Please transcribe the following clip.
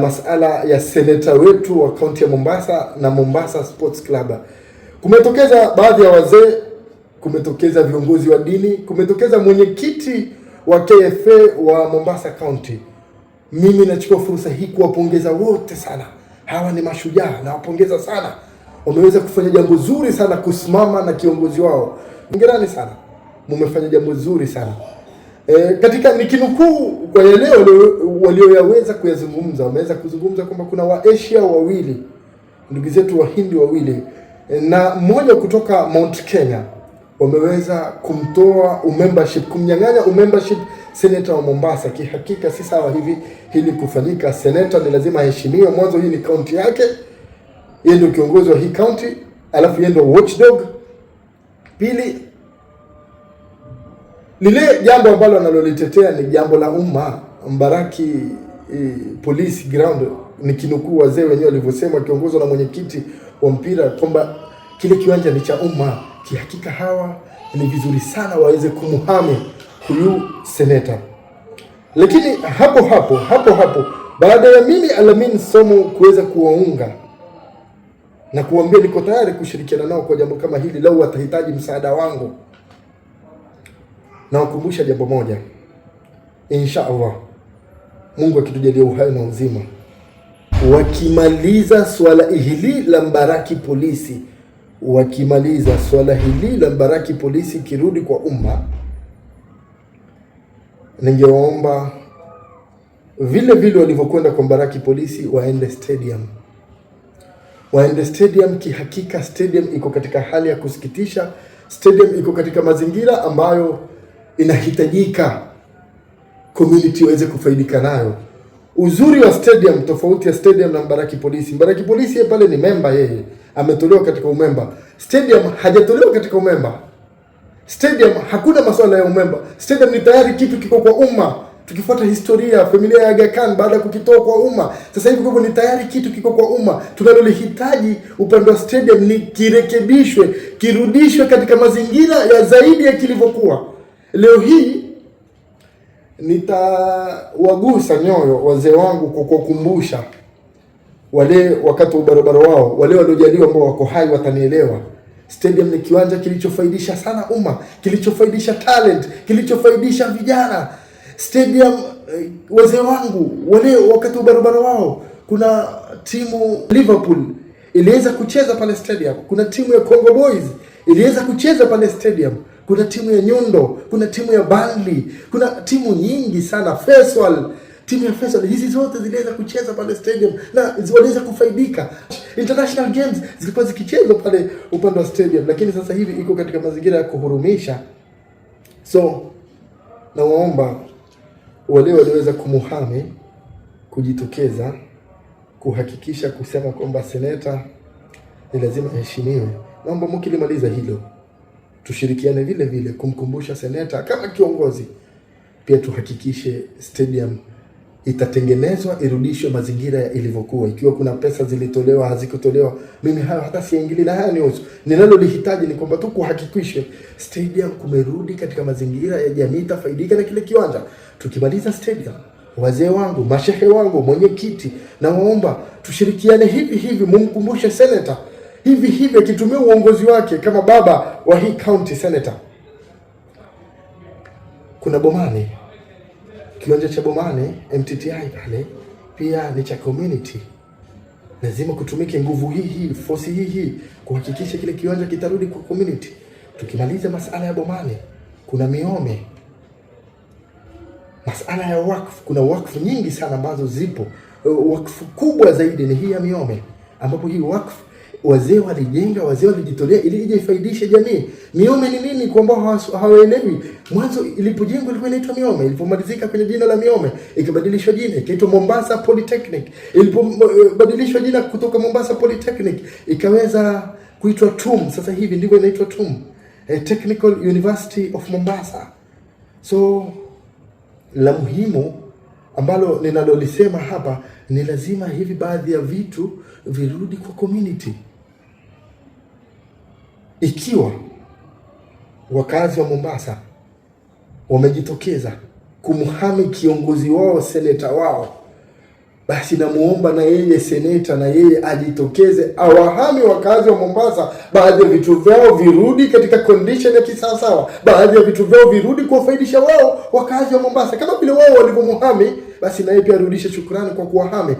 Masala ya seneta wetu wa kaunti ya Mombasa na Mombasa Sports Club. Kumetokeza baadhi ya wazee, kumetokeza viongozi wa dini, kumetokeza mwenyekiti wa KFA wa Mombasa County. Mimi nachukua fursa hii kuwapongeza wote sana. Hawa ni mashujaa, nawapongeza sana. Wameweza kufanya jambo zuri sana kusimama na kiongozi wao. Hongerani sana, mumefanya jambo zuri sana. E, katika nikinukuu kwa leo walioyaweza kuyazungumza, wameweza kuzungumza kwamba kuna Waasia wawili ndugu zetu Wahindi wawili eh, na mmoja kutoka Mount Kenya wameweza kumtoa umembership, kumnyang'anya umembership seneta wa Mombasa. Kihakika si sawa hivi hili kufanyika. Seneta ni lazima aheshimiwe. Mwanzo hii ni kaunti yake, yeye ndio kiongozi wa hii kaunti, alafu yeye ndio watchdog. Pili, lile jambo ambalo analolitetea ni jambo la umma. Mbaraki e, police ground, nikinukuu wazee wenyewe walivyosema, wakiongozwa na mwenyekiti wa mpira kwamba kile kiwanja ni cha umma. Kihakika hawa ni vizuri sana waweze kumuhami huyu seneta, lakini hapo hapo hapo hapo baada ya mimi Alamin Somo kuweza kuwaunga na kuambia niko tayari kushirikiana nao kwa jambo kama hili, lau watahitaji msaada wangu na ukumbusha jambo moja, insha Allah, Mungu akitujalia uhai na uzima, wakimaliza swala hili la Mbaraki polisi, wakimaliza swala hili la Mbaraki polisi kirudi kwa umma, ningewaomba vile vile walivyokwenda kwa Mbaraki polisi waende stadium waende stadium. Kihakika stadium iko katika hali ya kusikitisha. Stadium iko katika mazingira ambayo inahitajika community iweze kufaidika nayo. Uzuri wa stadium tofauti ya stadium na Mbaraki Polisi, Mbaraki Polisi yeye pale ni memba, yeye ametolewa katika umemba. Stadium hajatolewa katika umemba. Stadium hakuna masuala ya umemba. Stadium ni tayari kitu kiko kwa umma. Tukifuata historia familia ya Aga Khan baada ya kukitoa kwa umma, sasa hivi kwa ni tayari kitu kiko kwa umma. Tunalolihitaji upande wa stadium ni kirekebishwe, kirudishwe katika mazingira ya zaidi ya kilivyokuwa. Leo hii nitawagusa nyoyo wazee wangu kwa kuwakumbusha wale wakati wa ubarobaro wao, wale waliojaliwa ambao wako hai watanielewa. Stadium ni kiwanja kilichofaidisha sana umma, kilichofaidisha talent, kilichofaidisha vijana. Stadium eh, wazee wangu wale wakati wa ubarobaro wao, kuna timu Liverpool iliweza kucheza pale stadium, kuna timu ya Congo Boys iliweza kucheza pale stadium kuna timu ya Nyundo, kuna timu ya Burnley, kuna timu nyingi sana Feswal, timu ya Feswal, Hizi zote ziliweza kucheza pale stadium na waliweza kufaidika. International games zilikuwa zikichezwa pale upande wa stadium, lakini sasa hivi iko katika mazingira ya kuhurumisha. So nawaomba wale waliweza kumuhami kujitokeza kuhakikisha kusema kwamba seneta ni lazima aheshimiwe. Naomba mkilimaliza hilo tushirikiane vile vile kumkumbusha seneta kama kiongozi, pia tuhakikishe stadium itatengenezwa irudishwe mazingira ya ilivyokuwa. Ikiwa kuna pesa zilitolewa hazikutolewa, mimi hayo hata siingili na haya ni nihusu. Ninalolihitaji ni kwamba tu kuhakikishe stadium kumerudi katika mazingira ya jamii itafaidika na kile kiwanja. Tukimaliza stadium, wazee wangu, mashehe wangu, mwenyekiti, nawaomba tushirikiane hivi hivi, mumkumbushe seneta hivi hivi akitumia uongozi wake kama baba wa hii county senator. Kuna Bomani, kiwanja cha Bomani MTTI pale pia ni cha community. Lazima kutumike nguvu hii hii, force hii hii kuhakikisha kile kiwanja kitarudi kwa community. Tukimaliza masala ya Bomani, kuna Miome, masala ya wakfu. Kuna wakfu nyingi sana ambazo zipo. Wakfu kubwa zaidi ni hii ya Miome, ambapo hii wakfu Wazee walijenga, wazee walijitolea ili ije ifaidishe jamii. Miome ni nini kwa ambao hawaelewi? Mwanzo ilipojengwa ilikuwa inaitwa Miome, ilipomalizika kwenye jina la Miome ikabadilishwa jina ikaitwa Mombasa Polytechnic, ilipobadilishwa eh, jina kutoka Mombasa Polytechnic ikaweza kuitwa TUM. Sasa hivi ndivyo inaitwa TUM, Technical University of Mombasa. So la muhimu ambalo ninalolisema hapa ni lazima hivi baadhi ya vitu virudi kwa community. Ikiwa wakazi wa Mombasa wamejitokeza kumhami kiongozi wao, seneta wao, basi namuomba na yeye seneta na yeye ajitokeze awahami wakazi wa Mombasa, baadhi ya vitu vyao virudi katika condition ya kisawasawa, baadhi ya vitu vyao virudi kuwafaidisha wao wakazi wa Mombasa kama vile wao walivyomhami basi naye pia arudishe shukrani kwa kuwahame